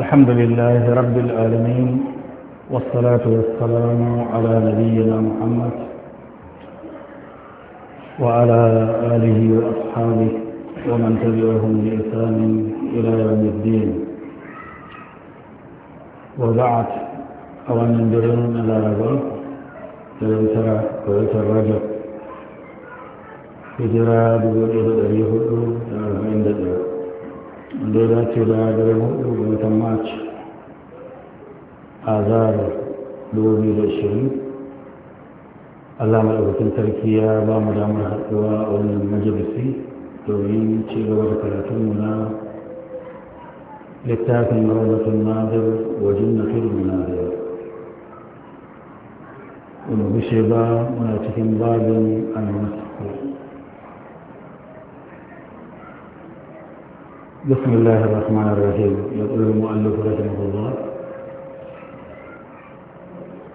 الحمد لله رب العالمين والصلاة والسلام على نبينا محمد وعلى آله وأصحابه ومن تبعهم بإحسان إلى يوم الدين وبعد أولا من درون إلى رجل ترى ويتر رجل هجرة بقول إذا أريه عند دقيقة wanda ya dace da daren hudu ga watan march a zarar 2020 allah maɗaukakin sarki ya ba mu damar haɗuwa a wannan majalisi domin ci gaba da karatunmu na littafin rawatun nazar wajen na turmi nazar wani bishe ba muna cikin babin annasu بسم الله الرحمن الرحيم يقول المؤلف رحمه الله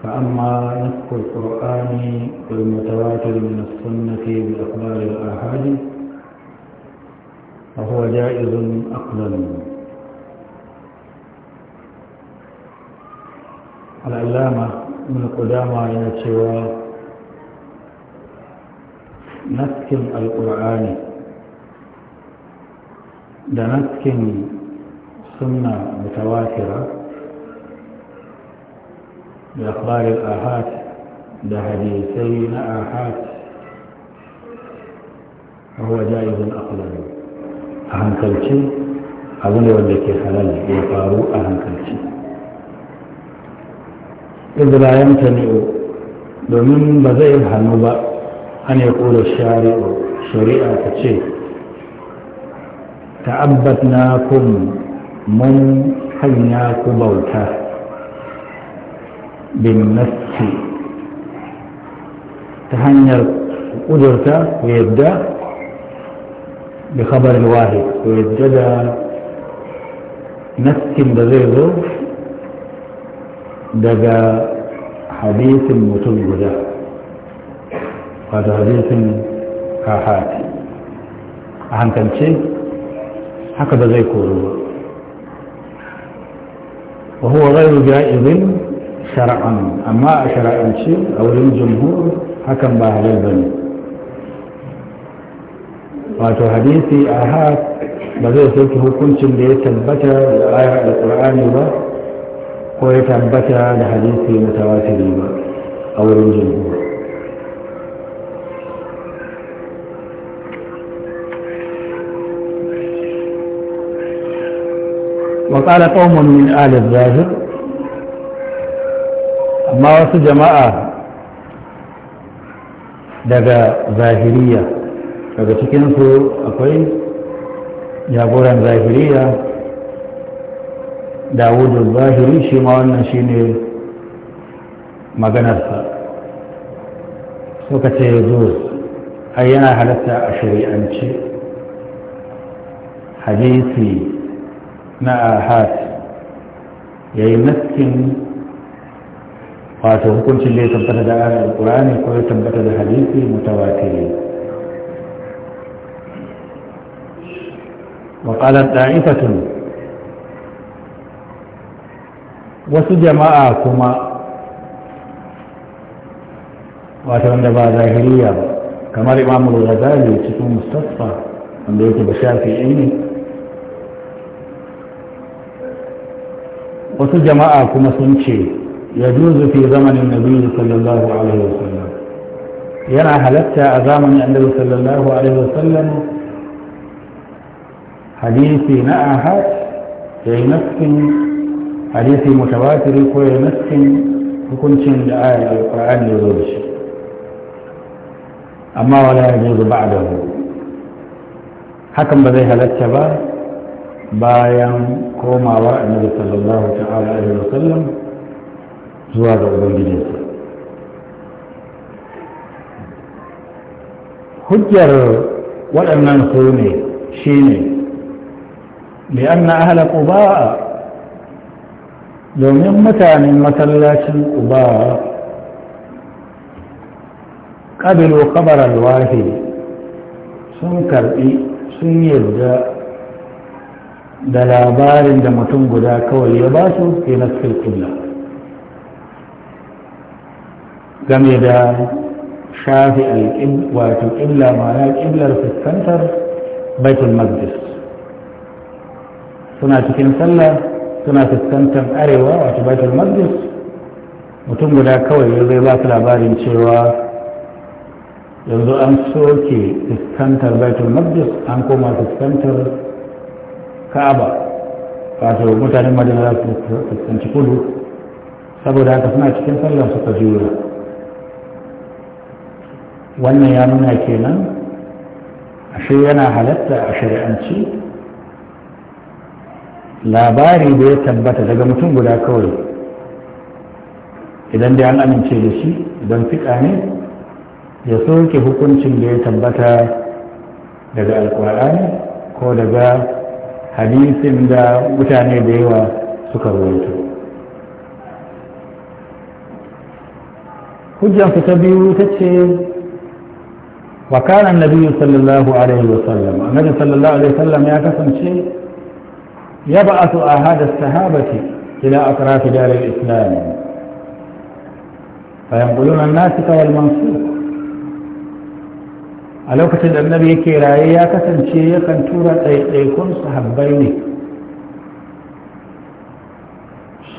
فأما نسخ القرآن والمتواتر من السنة بأخبار الآحاد فهو جائز أقلا العلامة من قدامى إلى شوى نسخ القرآن da naskin sunna mutawatira da akbarin ahad da hadisai na ahad ruwa jayizin akwai a hankalci abu ne wanda ke halal ya faru a hankalci idan bayan domin ba zai hannu ba an ya kula shari'a ta ce تعبدناكم من حيناك بوتا بالنفس تهنر قدرتا ويبدأ بخبر الواحد ويبدأ نفس بغيره دقى حديث متوجدة هذا حديث كحاتي عن تنشيط haka ba zai koru ba wa huwa ghairu ja'izin amma a shara'anci a wurin jumhur hakan ba halal ne. wato hadisi a ba zai sauke hukuncin da ya tabbata da ayar alqur'ani ba ko ya tabbata da hadisi tawatiri ba a wurin jumhur وقال قوم من آل الظاهر أما وسو جماعة daga zahiriya daga cikinsu akwai jagoran zahiriya dawudu zahiri shi ma wannan shi ne maganarsa suka ce zuwa har yana halatta a shari'anci hadisi na ahad yayi nakin wato hukuncin da ya tabbata da alkurani ko ya tabbata da hadisi mutawatiri وقالت دائفة وسو كما واتوان دبا ظاهرية كما الإمام الغزالي تسمى مستصفى عندما يوتي بشار في عيني wasu jama'a kuma sun ce ya juzu fi zamanin nabi sallallahu alaihi wasallam yana halatta a zamanin annabi sallallahu alaihi wasallam hadisi na ahad ya yi naskin hadisi mutawatiri ko ya yi naskin hukuncin da ayar alƙur'ani ya zo da shi amma wala ya juzu ba'dahu hakan ba zai halatta ba bayan komawar annabi sallallahu ta'ala alaihi wa sallam zuwa ga ubangiji hujjar waɗannan su ne shi ne mai an li'anna ahla quba domin mutanen masallacin quba qabilu khabar alwahi sun karɓi sun yarda da labarin da mutum guda kawai ya ba su fi nasfil kulla game da shafi alƙin wato illa ma'ana ƙillar fuskantar baitul maqdis suna cikin sallah suna fuskantar arewa wato baitul maqdis mutum guda kawai ya zai ba su labarin cewa yanzu an soke fuskantar baitul maqdis an koma fuskantar kaba wato mutanen madina za su fuskanci kudu saboda haka suna cikin sallar suka jura wannan ya nuna kenan ashe yana halatta a shari'anci labari da ya tabbata daga mutum guda kawai idan da an amince da shi don fiƙa ne ya soke hukuncin da ya tabbata daga alƙur'ani ko daga hadisin da mutane da yawa suka rawaito hujjansu ta biyu ta ce wa kana annabi sallallahu alaihi wa sallam annabi sallallahu alaihi wa sallam ya kasance ya ba'athu ahada sahabati ila atraf dar al-islam fa yanquluna an-nasika wal mansukh a lokacin da annabi yake raye ya kasance yakan tura ɗaiɗaikun sahabbai ne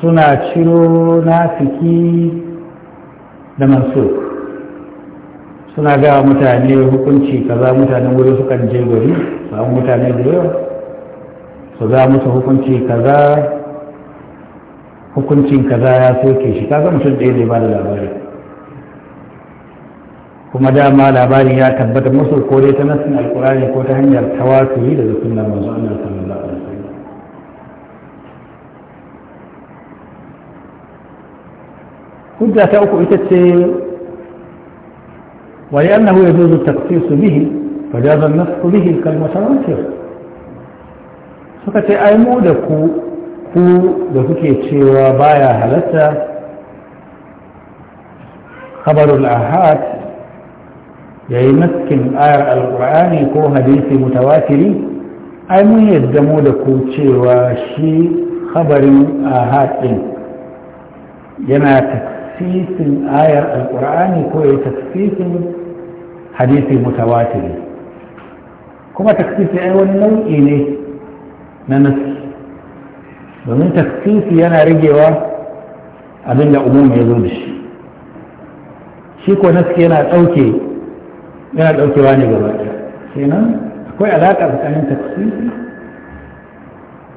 suna ciro nafiki da mansur suna ga mutane hukunci kaza mutanen wuri sukan je gari samun mutane da yawa su za musu hukunci kaza hukuncin kaza ya soke shi kaga mutum ɗaya ne ba da labari kuma dama labarin ya tabbata musu ko dai ta nassin alkurani ko ta hanyar tawaturi daga sunnar manzo Allah sallallahu alaihi wasallam hujja ta uku ita ce wa annahu yajuzu at-taqsis bihi fa jaza an-nasxu bihi al-mutawatir suka ce ai mu da ku ku da kuke cewa baya halatta khabarul ahad ya yi naskin ayar alkur'ani ko hadisi mutawatiri ai mun yadda mu da ku cewa shi khabarin ahad din yana tafsisin ayar alkur'ani ko ya tafsisin hadisi mutawatiri kuma tafsisi ai wani nau'i ne na naski domin tafsisi yana ragewa abinda umum ya zo da shi shi ko naski yana ɗauke yana ɗaukewa ne gaba ɗaya kenan akwai alaƙa tsakanin tafsiri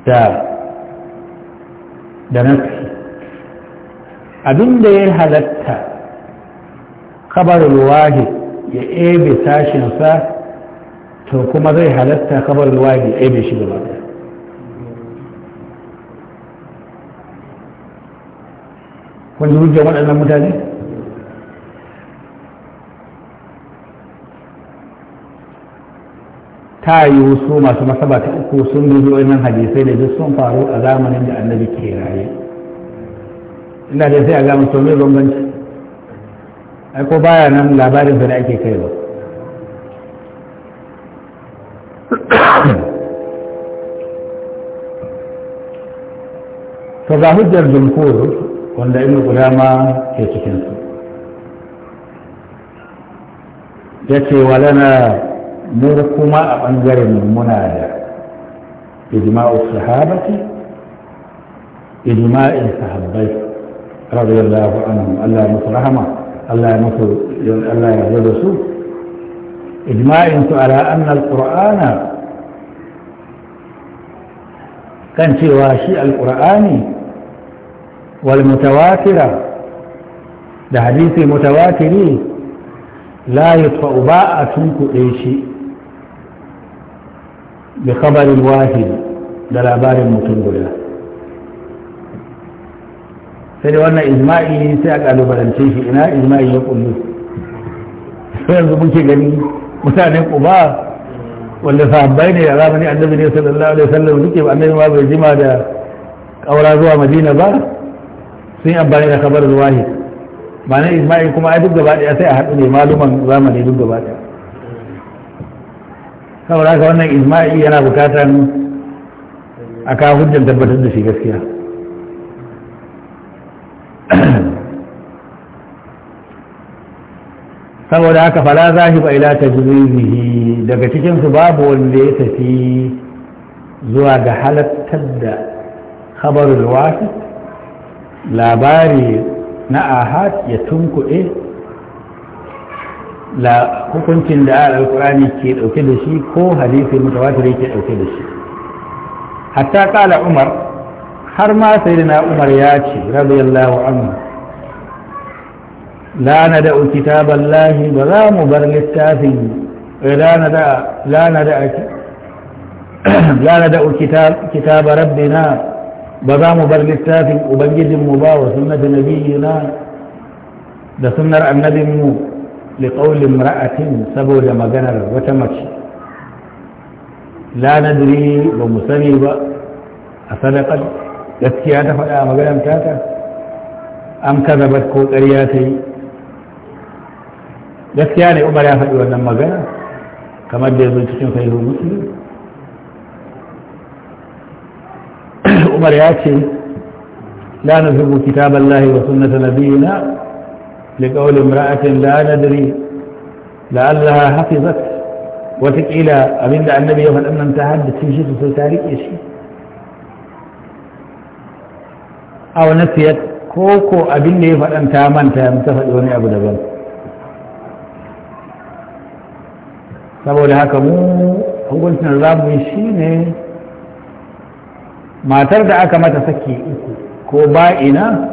da da nafi abin ya halatta kabarul wahid ya ebe sashinsa to kuma zai halatta kabarul wahid ya ebe shi gaba ɗaya kun waɗannan mutane ta yiwu su masu masaba ta uku sun dubi wannan hadisai da duk sun faru a zamanin da annabi ke raye ina da sai a gama to mai bambanci ai ko baya nan labarin da ake kai ba to ga hujjar jumhur wanda ibnu qudama ke cikin su yace walana mu kuma a ɓangaren muna da ijma'u sahabati ijma'in sahabbai radiyallahu anhum Allah ya musu rahama Allah ya musu Allah ya yarda su ijma'in su ala anna alqur'ana kan cewa shi alqur'ani wal mutawatira da hadisi mutawatiri la yutfa ba a tunkuɗe shi bi khabarin wahid da labarin mutum guda sai da wannan ijma'i sai a kalubalance shi ina ijma'i ya kullu sai yanzu muke gani mutanen kuba wanda sahabbai ne a zamanin annabi ne sallallahu alaihi wasallam duke ba annabi ma bai jima da kaura zuwa madina ba sun yi amfani da kabarin wahid ma'anar ijma'i kuma ai duk gaba daya sai a haɗu ne maluman zamani duk gaba daya saboda haka wannan isma'i yana bukatan a kawo hujjar tabbatar da shi gaskiya saboda haka fala zahiba ila tajribihi daga cikin su babu wanda ya tafi zuwa ga halattar da khabarul labari na ahad ya tunkuɗe la hukuncin da alkur'ani ke dauke da shi ko hadisi mutawatir ke dauke da shi hatta kala umar har ma sayyidina umar ya ce radiyallahu anhu la nada'u kitaballahi ba za mu bar littafin eh, la nada'a la nada'a لا ندأ كتاب, كتاب ربنا بضام برلتاف أبنجد مبا وسنة نبينا ده سنة النبي مو لقول امرأة سبو لما جنر وتمش لا ندري ومسنبة أصدقا يتكي عدفا يا مجال امتاتا أم كذبت كوت أرياتي يتكي عني أمر يافا إيوان لما جنر كما دي زلتشن فيه المسلم أمر يافا لا نذهب كتاب الله وسنة نبينا لقول امرأة لا ندري لعلها حفظت وتك إلى أمين دع النبي يوفن أمنا انتهد تنشي في تاريخ يشي أو نسيت كوكو أبين لي فأنت أمنت يمتفق يوني أبو دبان سبو لهاك مو أقول نظام يشيني ما تردعك ما تسكي كوبائنا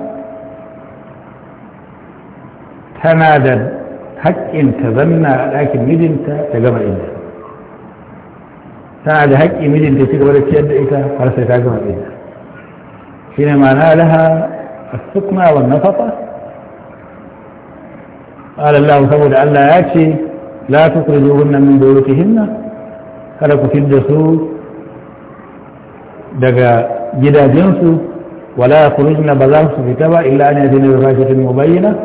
tana da haƙƙin ta zanna a ɗakin mijinta ta gama inda tana da haƙƙin mijinta ci gaba da ciyar da ita har sai ta gama inda shi ne ma'ana laha a sukna wa nafafa قال الله saboda Allah ya ce la tukhrijuhunna min hinna kada ku fidda su daga gidajensu wala yakhrujna ba za su fita ba illa an yatina bi mu mubayyana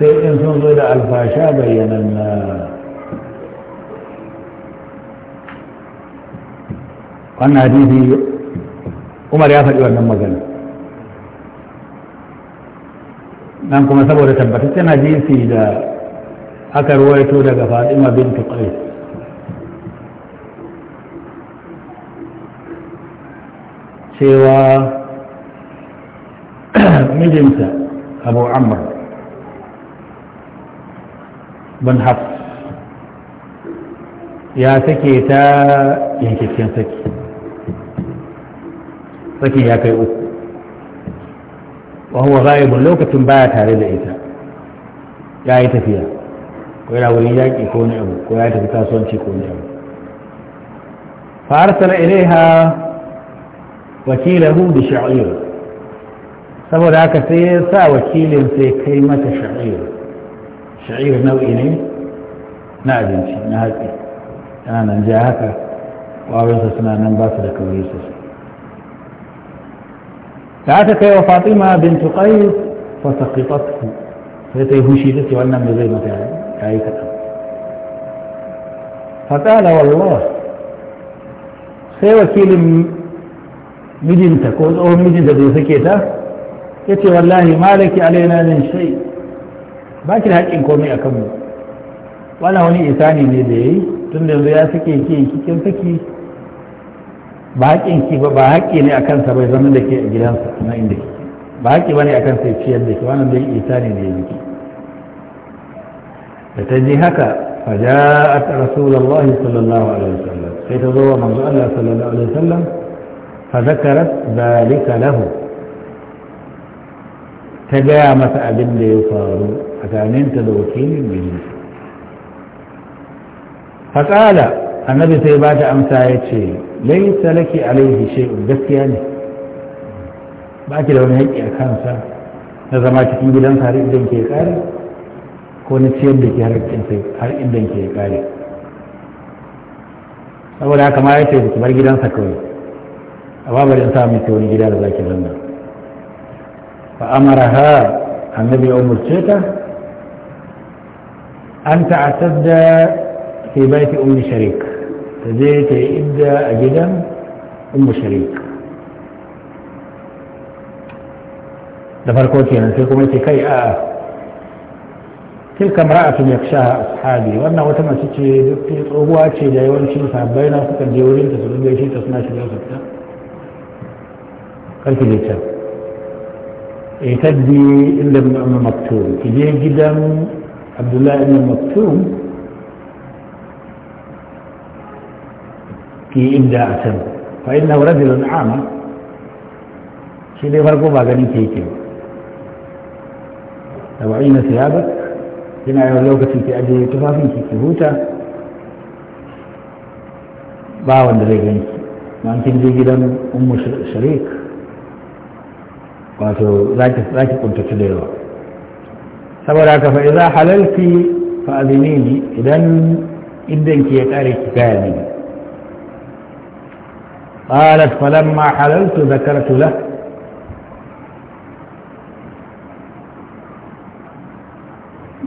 فإن فضل الفاشا بين الناس وأن حديثي عمر يا فجوة من مزل نعمكم سبوة انا تتنى حديثي دا أكا رويتو دا فاطمة بنت قيس سوى مجمسة أبو عمرو منحف يا سكي تا ينكتين سكي سكي يا كيو وهو غائب لوكة باتا لدى إيسا يا إيسا فيها ويلا وليجاك يكون أبو ويلا يتفتا صنش يكون أبو فأرسل إليها وكيله بشعير سبو ذاك سيسا وكيل سيكيمة شعير شعير نوئيني نادنسي نادنسي أنا ننجاهك وأرزا سنا ننبات لك ويسس تعاتك يا فاطمة بنت قيد فسقطته فتي هشيدتي وأنم لزي مكاي فقال والله سي وكيل مدينتك أو مدينتك يسكيتا يتي والله مالك علينا من شيء ba ki da haƙƙin komai a kanmu wala wani isani ne da ya yi tun da yanzu ya sake ki kikin saki ba haƙƙin ki ba haƙƙi ne a kansa bai zama da ke a gidansa na inda ke ba haƙƙi ba ne a kansa ya ciyar da ke wannan dai isani ne ya yi da ta ji haka فجاءت رسول الله صلى الله عليه وسلم حيث ضوى منذ الله صلى الله عليه وسلم فذكرت ذلك له ta gaya masa abin da ya faru a tsakaninta da wakilin mijinta faƙala annabi sai ba ta amsa ya ce laisa laki alaihi shay'un gaskiya ne ba ki da wani haƙƙi a kansa na zama cikin gidansa har idan ke kare ko na ciyar da ke har idan ke kare saboda haka ma ya ce ki bar gidansa kawai a babarin sa miki wani gida da zaki zanna فأمرها النبي أم الشيطة أن تعتد في بيت أم شريك تزيت إبدا أجدا أم شريك دفر أنا أنسيكم إيتي كي آه. تلك امرأة يخشاها أصحابي وأنا وتم أسيتي دكتي طوواتي جايوان شنفع بينا فكر جيورين تسلوبي شي تصناشي لأسكتا قلت ليتشاك تبدي إلا ابن أم مكتوم تجي قدم عبد الله بن مكتوم كي إبداع سن فإنه رجل عام شيء فرقوا باقني كيكي لو عين ثيابك هنا يولوك في أجل تفافين كيكي هوتا باوند لغنك ما أنت جي أم شريك wato za ki kuntatu da yawa saboda haka fa idza halalti fa adinini idan idan ki ya kare ki gaya mini qalat falamma halaltu dhakartu lahu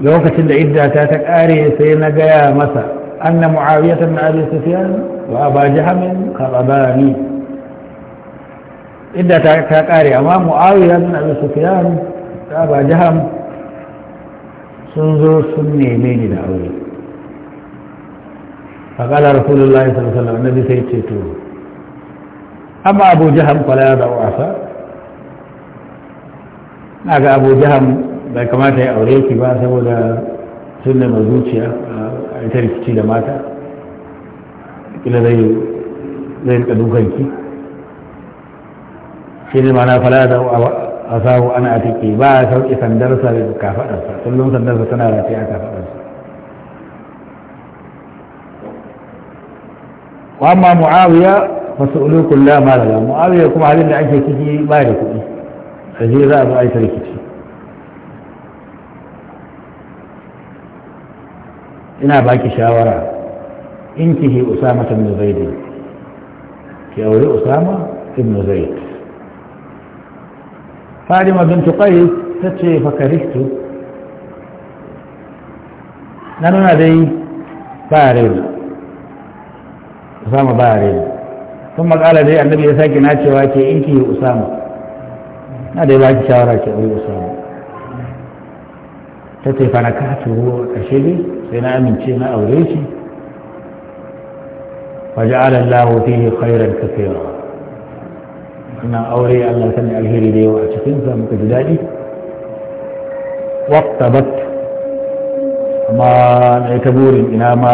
lokacin da idda ta ta kare sai na gaya masa anna muawiyatan abi sufyan wa aba jahm qarabani idda ta ta kare amma muawiya bin abi sufyan da ba jaham sun zo sun neme ni da aure فقال رسول الله na الله sai ce النبي Amma أما أبو جهم da wasa. na ga abu جهم bai kamata ya aure ki ba saboda sunna mai zuciya a ita rikici da mata kila zai zai rika dukanki shi ne mana fala da asahu ana a tiki ba a sauƙi sandarsa da kafaɗarsa kullum sandarsa tana rafi a kafaɗarsa wa amma mu'awiya fa su'ulu kullu ma la mu'awiya kuma halin da ake ciki ba da kuɗi a je za a zo a yi sarkici ina baki shawara in kihi usama ibn zaid ki aure usama ibn zaid fatima bin tukai ta ce fakaristu na nuna dai farin usama barin sun makala dai annabi ya sake na cewa ke in ki usama na dai baki shawara ke wani usama ta ce fa na kafin ruwa a ƙarshe sai na amince na aure shi wajen alallahu fi khairan kafirawa suna aure Allah sani alheri da yawa a cikinsa muka ji daɗi waktabat amma na ita burin ina ma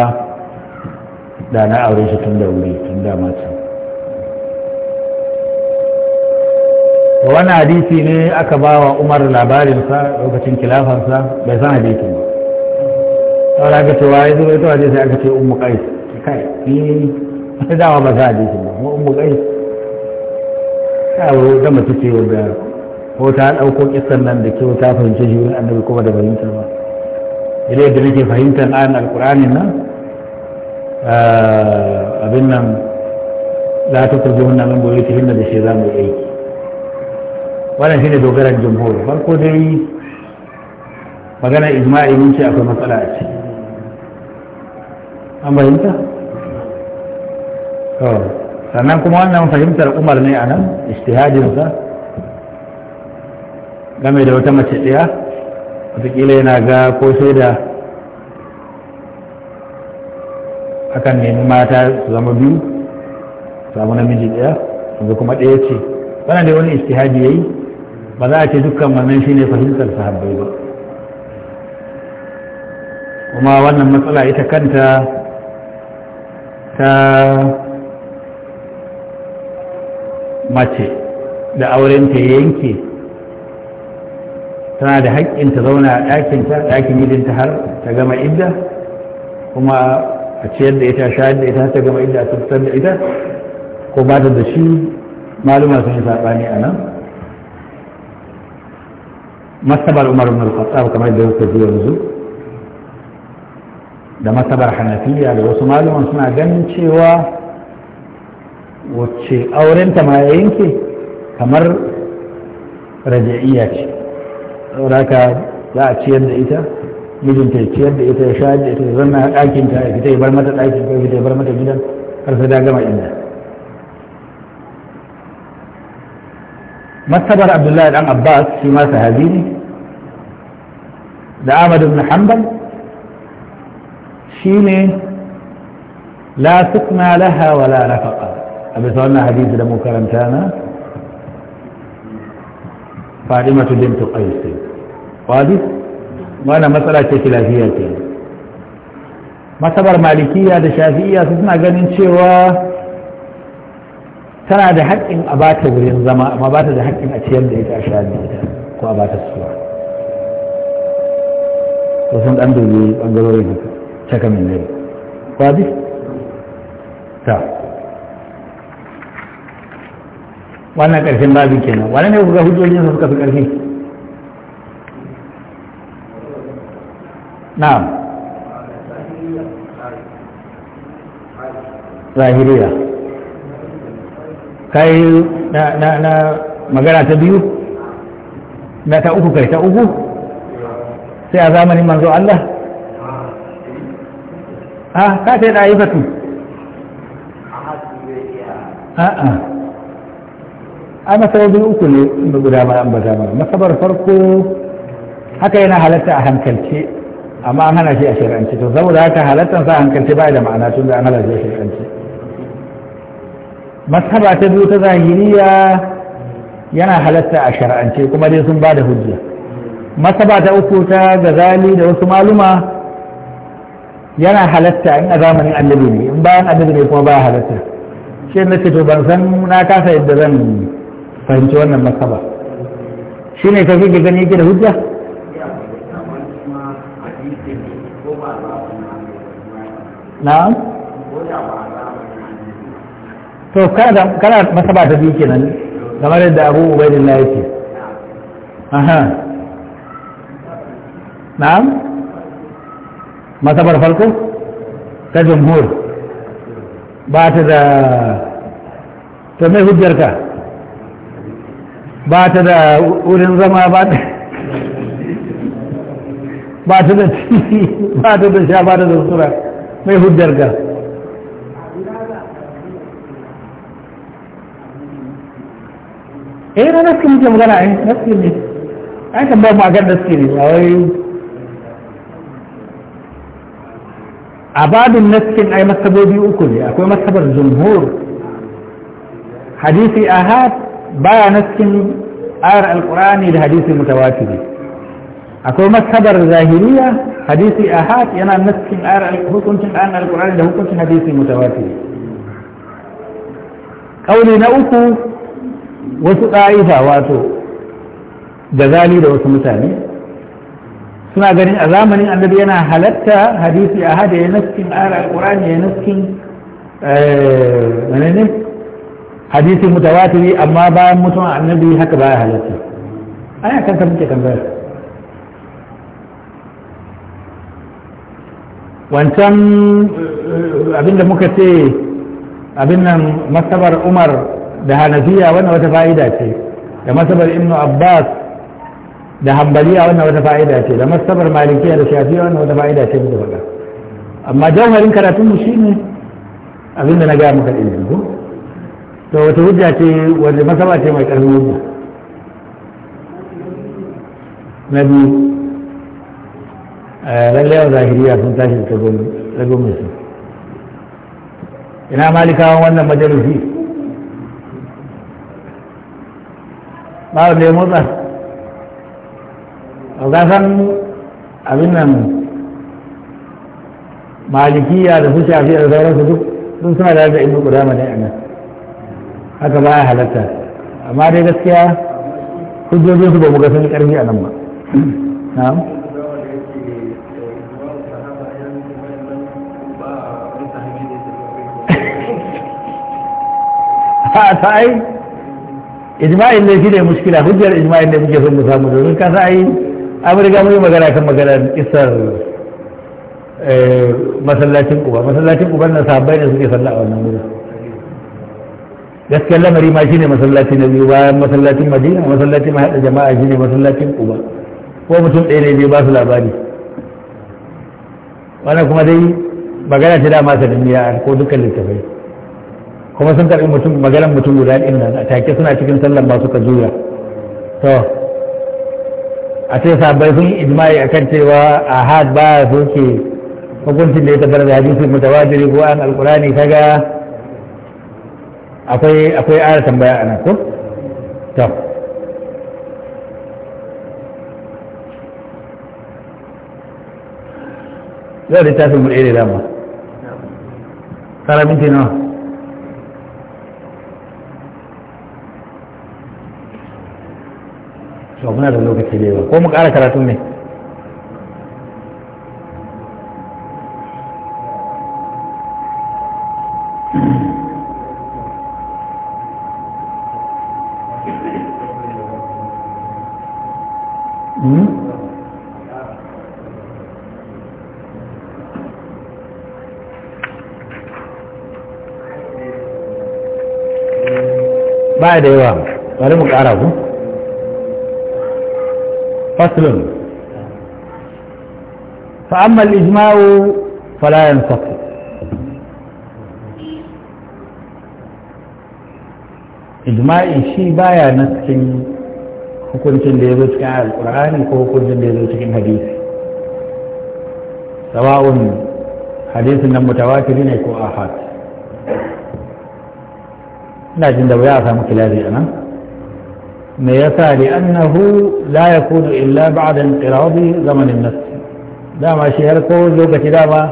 da na aure shi tun da wuri tun da mace wani hadisi ne aka ba wa umar labarinsa lokacin kilafarsa bai san hadisi ba saboda aka cewa ya zuwa ita waje sai aka ce ummu kai kai ni dama ba sa hadisin ba ummu kai kawo ta mace ce wanda ko ta ɗauko kisan nan da kyau ta fahimci shi annabi kuma da fahimtar ba idan yadda nake fahimtar an alkur'ani nan ah, abin nan za ta kurji wannan min boye cikin da shi za mu yi aiki wannan shine dogaran jumhur farko dai magana ijma'i mun ce akwai matsala a ciki an fahimta kawai sannan kuma wannan fahimtar umar ne a nan istihadinsa game da wata mace ɗaya watakila yana ga ko sai da akan nemi mata su zama biyu samu namiji ɗaya yanzu kuma ɗaya ce bana dai wani istihadi ya yi ba za a ce dukkan wannan ne fahimtar sahabbai ba kuma wannan matsala ita kanta ta mace da aurenta ya yanke tana da haƙƙin ta zauna a ɗakinta ɗakin mijinta har ta gama idda kuma a ciyar da ita shayar da ita ta gama idda a tabbatar da ita ko ba ta da shi maluma sun yi saɓani a nan masabar umar ibn al-khattab kamar da yake zuwa yanzu da masabar hanafiya da wasu maluman suna ganin cewa wacce aurenta ma ya yanke kamar raja'iya ce sauraka za a ciyar da ita mijinta ya ciyar da ita ya shayar da ita zan zanna a ɗakinta ya fita ya bar mata ɗakin ko fita ya bar mata gidan har sai da gama inda masabar abdullahi dan abbas shi ma sahabi ne da ahmad ibn hanbal shine la sukna laha wala nafaqa a bisa wannan hadisi da mu karanta na fadimatu bintu qais wadi wannan matsala ce lafiya ce matabar malikiya da shafi'iya su suna ganin cewa tana da haƙƙin a bata wurin zama amma bata da haƙƙin a ciyar da ita a sha ita ko a bata suwa to sun ɗan dubi ɓangarorin haka cakamin ne wadi ta wannan karshen babin kenan wani ne kuka hujjojin su suka fi ƙarfi na zahiriya kai na na na magana ta biyu na ta uku kai ta uku sai a zamanin manzo Allah ah ka ta yi na ayyukatu a'a a masarobi uku ne guda ma an bata mana masabar farko haka yana halatta a hankalce amma an hana shi a shari'ance to saboda haka halattan sa hankalce ba da ma'ana tun da an hana shi a shari'ance masaba ta biyu ta zahiriya yana halatta a shari'ance kuma dai sun ba da hujja masaba ta uku ta gazali da wasu maluma yana halatta in a zamanin annabi ne in bayan annabi ne kuma ba halatta shi na ce to ban san na kasa yadda zan fahimci wannan masaba shi ne tafi da gani yake da hujja na'am to kana kana masaba ta biyu kenan kamar yadda Abu na yake aha na'am masabar farko ta jumhur ba ta da to mai ka? ba ta da wurin zama ba ta da ciki ba ta da sha ba ta da sura mai hujjar ga eh na naski muke magana ai eh, naski ne an kan ba mu akan naski ne a wai a babin naskin ai masabobi uku ne akwai masabar jumhur hadisi ahad baya na cikin ayar alkur'ani da hadisi mutawatiri akwai masabar zahiriya hadisi ahad yana na cikin ayar hukuncin ayar alkur'ani da hukuncin hadisi mutawatiri kauli na uku wasu ɗa'ifa wato gazali da wasu mutane suna ganin a zamanin annabi yana halatta hadisi ahad ya naskin ayar alkur'ani ya naskin eh, manene. hadisi mutawatiri amma bayan mutuwan annabi haka baya halatta ana kan ka muke tambaya wancan abinda muka ce abin nan masabar umar da hanafiya wannan wata fa'ida ce da masabar ibn abbas da hambaliya wannan wata fa'ida ce da masabar malikiya da shafiya wannan wata fa'ida ce muka faɗa amma jawharin karatunmu shi ne abinda na gaya muka ɗin ko to wata hujja ce wanda masaba ce mai karfin hujja na biyu eh, lallai yau zahiriya sun tashi ta gwamnati ina malikawan wannan majalisi ba wanda ya motsa ga san abin nan malikiya da su shafi da sauransu duk sun suna da da ibnu qudama ne a nan haka ba ya halatta amma dai gaskiya hujjojin su ba mu ga sun karfi a nan ba na'am ta ai ijma'in ne shi ne mushkila hujjar ijma'in ne muke son mu samu domin ka sa ai an riga mun yi magana kan magana isar eh, masallacin uba masallacin uba na sabai ne suke sallah a wannan wurin gaskiyar lamari ma shine masallaci na biyu bayan masallacin madina masallacin ma haɗa jama'a shine masallacin kuba ko mutum ɗaya ne biyu ba su labari wannan kuma dai magana ta dama ta duniya ko dukkan littafai kuma sun karɓi mutum maganar mutum guda ɗin nan a take suna cikin sallan ba suka juya to a ce sabai sun ijma'i akan cewa a had ba ke hukuncin da ya tabbatar da hadisi mutawajiri ko an alkurani kaga akwai akwai ayar tambaya a nan ko to yau da tafi mu ɗaya da dama tsara minti nawa to muna da lokaci da yawa ko mu ƙara karatu ne da yawa bari mu kara ku faslun al-ijma'u fala ينفقد ijma'i shi baya na cikin hukuncin da ya zo cikin alkur'ani ko hukuncin da ya zo cikin hadisi sawa'un hadisin nan mutawatiri ne ko ahad لكن لو يعفى مكلابي أمام نعم. ما يفى لأنه لا يكون إلا بعد انقراض زمن النفس لا ما شيركو زوجة لا ما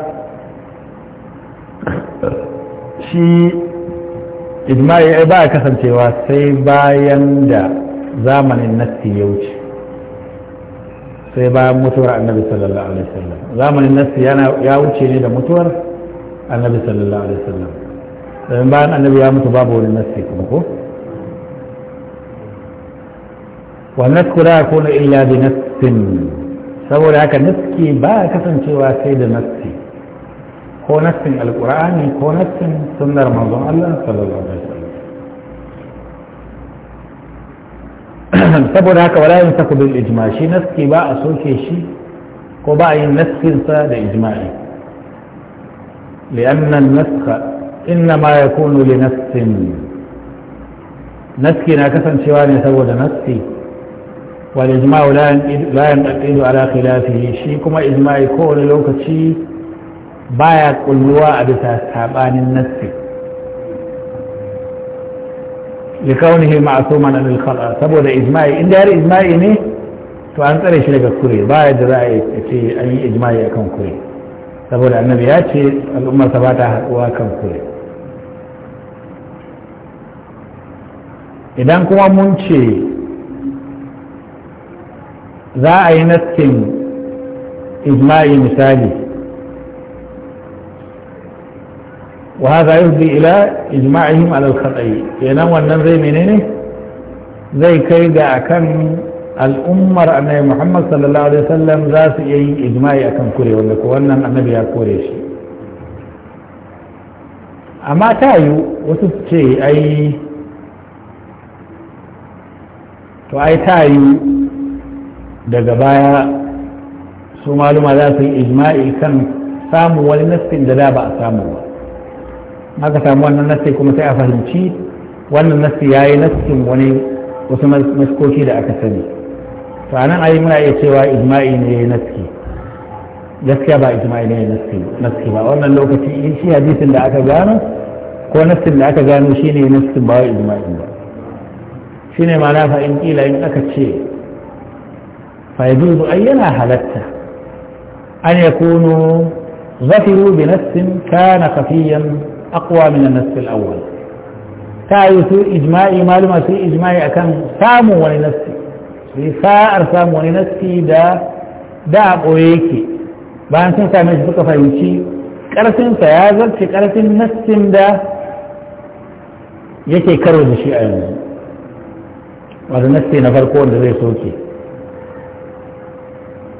شي إجماع عباء كثم سوى سيبا يندى زمن النفس يوجه سيبا متورة النبي صلى الله عليه وسلم زمن النفس يوجه لدى متورة النبي صلى الله عليه وسلم domin bayan annabi ya mutu babu wani nasi kuma ko wannan kula ya kuna illa bi nassin saboda haka naski ba a kasancewa sai da nassi ko nassin alkur'ani ko nassin sunnar manzon Allah sallallahu alaihi wasallam saboda haka wala yin taku bil ijma shi naski ba a soke shi ko ba a yin nassin sa da ijma'i li'anna an-naskha inna ma ya kunu li nafsin na kasancewa ne saboda nafsi wal ijma'u la yanqidu ala khilafihi shi kuma ijma'i ko wani lokaci baya kulluwa a bisa sabanin nafsi li kaunihi ma'suman anil khata saboda ijma'i inda yar ijma'i ne to an tsare shi daga kure baya da za a ce yi ijma'i akan kure saboda annabi ya ce al'ummar sa ba ta haɗuwa kan kure idan kuma mun ce za a yi naskin ijma'i misali wa haza yufdi ila ijma'ihim ala al-khata'i kenan wannan zai menene zai kai ga akan al'ummar annabi Muhammad sallallahu alaihi wasallam za su iya yin ijma'i akan kure wanda ko wannan annabi ya kore shi amma ta yi wasu ce ai to ai ta yi daga baya su maluma za su yi ijma'i kan samu wani nassin da da ba a samu ba aka samu wannan nassi kuma sai a fahimci wannan nassi ya yi nassin wani wasu maskoki da aka sani to anan ai muna iya cewa ijma'i ne ya yi nassi gaskiya ba ijma'i ne ya yi nassi ba wannan lokaci shi hadisin da aka gano ko nassin da aka gano shi shine nassin ba wa ijma'i ba shi ne mana fa'in ƙila in aka ce faiduzu ai yana halatta an ya kuno zafiru bi nassin kana kafiyan akwa min nassil ta yi su ijma'i maluma su ijma'i akan samun wani nassi su yi sa'ar samun wani nassi da da a ɓoye yake bayan sun sami shi suka fahimci ƙarfinsa ya zarce ƙarfin nassin da yake karo da shi a yanzu wadda nasti na farko wanda zai soke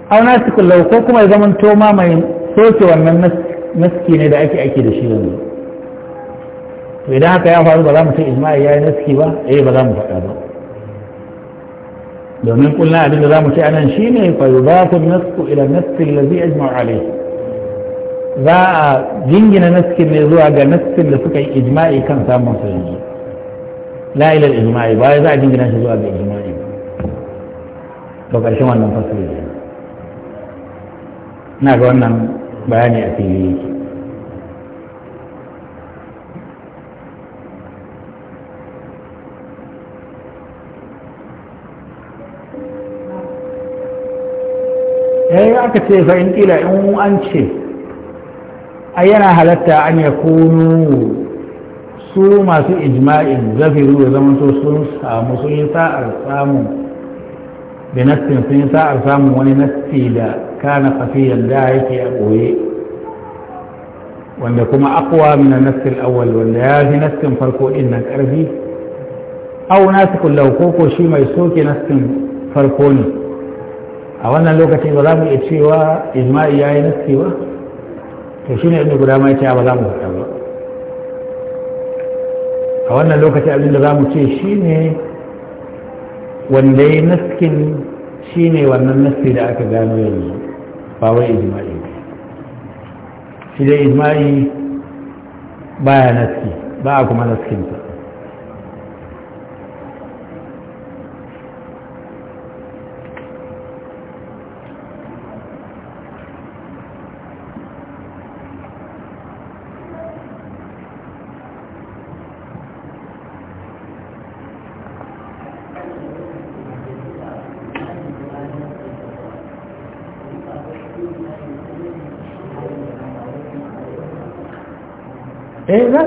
auna su kullau ko kuma zaman toma mai soke wannan naski ne da ake ake da shi yanzu to idan haka ya faru ba za mu ce ismail ya yi naski ba eh ba za mu faɗa ba domin kullum abin da za mu ce anan shi ne fa yubatu nasku ila naski allazi ajma'u alayhi za a jingina naskin ne zuwa ga naskin da suka yi ijma'i kan samun sanyi la ilal ijma'i ba za a jingina shi zuwa ga ijma'i ba ƙarshen wannan fasiri ne na ga wannan bayani a fili yake yayi eh, aka ce fa in kila in an ce ai yana halatta an ya kunu su masu ijma'in zafiru ya zama to sun samu sun yi sa'ar samun da nassin sun yi sa'ar samun wani nassi da kana kafiyan da yake a ɓoye wanda kuma akwa mina nassin awal wanda ya fi nassin farko ɗin nan ƙarfi au su kullau ko ko shi mai soke nassin farko ne a wannan lokaci ba za mu iya cewa ijma'i ya yi nassi ba to shi ne inda guda ma ya ce ba za mu fita ba a wannan lokaci da za mu ce shi ne wanda ya naskin shi ne wannan naski da aka gano yanzu ba wai ijma'i shi dai ijma'i ya naski ba a kuma naskinsa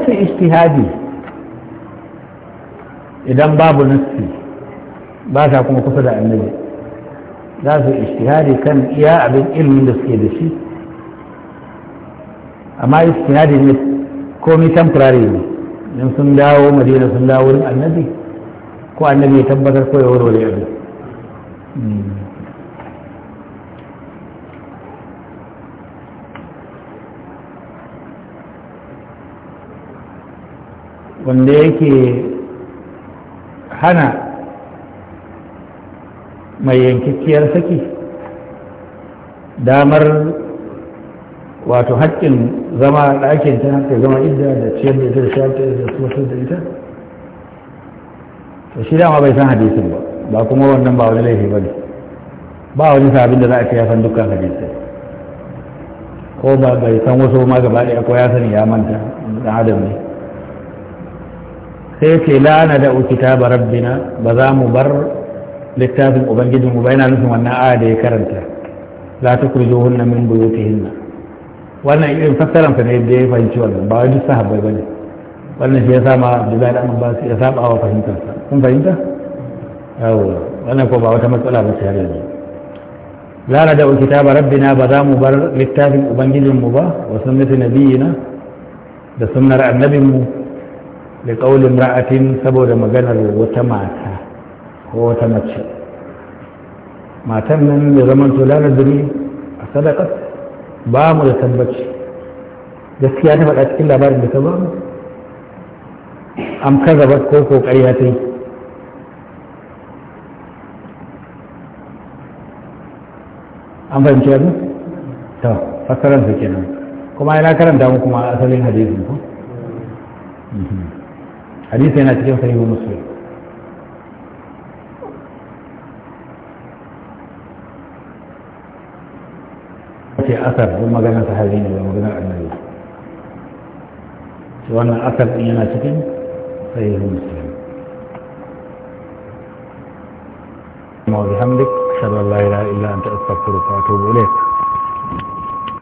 su istihadi idan babu nassi ba ta kuma kusa da annabi za su istihadi kan iya abin ilmin da suke da shi amma istihadi ne komai temporary ne in sun dawo madina sun dawo wurin annabi ko annabi ya tabbatar ko ya warware abin hmm. wanda yake hana mai yankakkiyar saki damar wato haƙƙin zama ɗakin ta haƙƙin zama idda da ciyar da ita da shayar da su da ita to shi dama bai san hadisin ba ba kuma wannan ba wani laifi ba ne ba wani sabin da za a ce ya san dukkan hadisin ko ba bai san wasu ma gaba ɗaya ko ya sani ya manta da adam ne sai ce lana na da ukita ba rabbina ba za mu bar littafin ubangijinmu ba yana nufin wannan aya da ya karanta za ta kurjo hunna min buyutihinna wannan irin fassaran sa ne da ya fahimci wannan ba wani duk sahabbai bane wannan shi ya sa ma Abdullahi da Abbas ya saba wa fahimtar sa kun fahimta yawa wannan ko ba wata matsala ba sai yanzu la na da ta ba rabbina ba za mu bar littafin ubangijinmu ba wa sunnatu nabiyina da sunnar annabinmu da ƙaunin ra'atin saboda maganar wata mata ko wata mace matan nan da zaman tola na zuri a sadakar ba mu da tabbaci gaskiya ta faɗa cikin labarin da ta ba mu am ba ko kokari ya ta yi an fahimci yanzu? ta fassaransa kenan kuma yana karanta mu kuma asalin hadisin ko? Mhm. حديث ناتج صحيح مسلم في أثر وما قلنا صحابين وما قلنا النبي سواء أثر أي ناتج صحيح مسلم ما بحمدك أشهد أن لا إله إلا أنت أستغفرك وأتوب إليك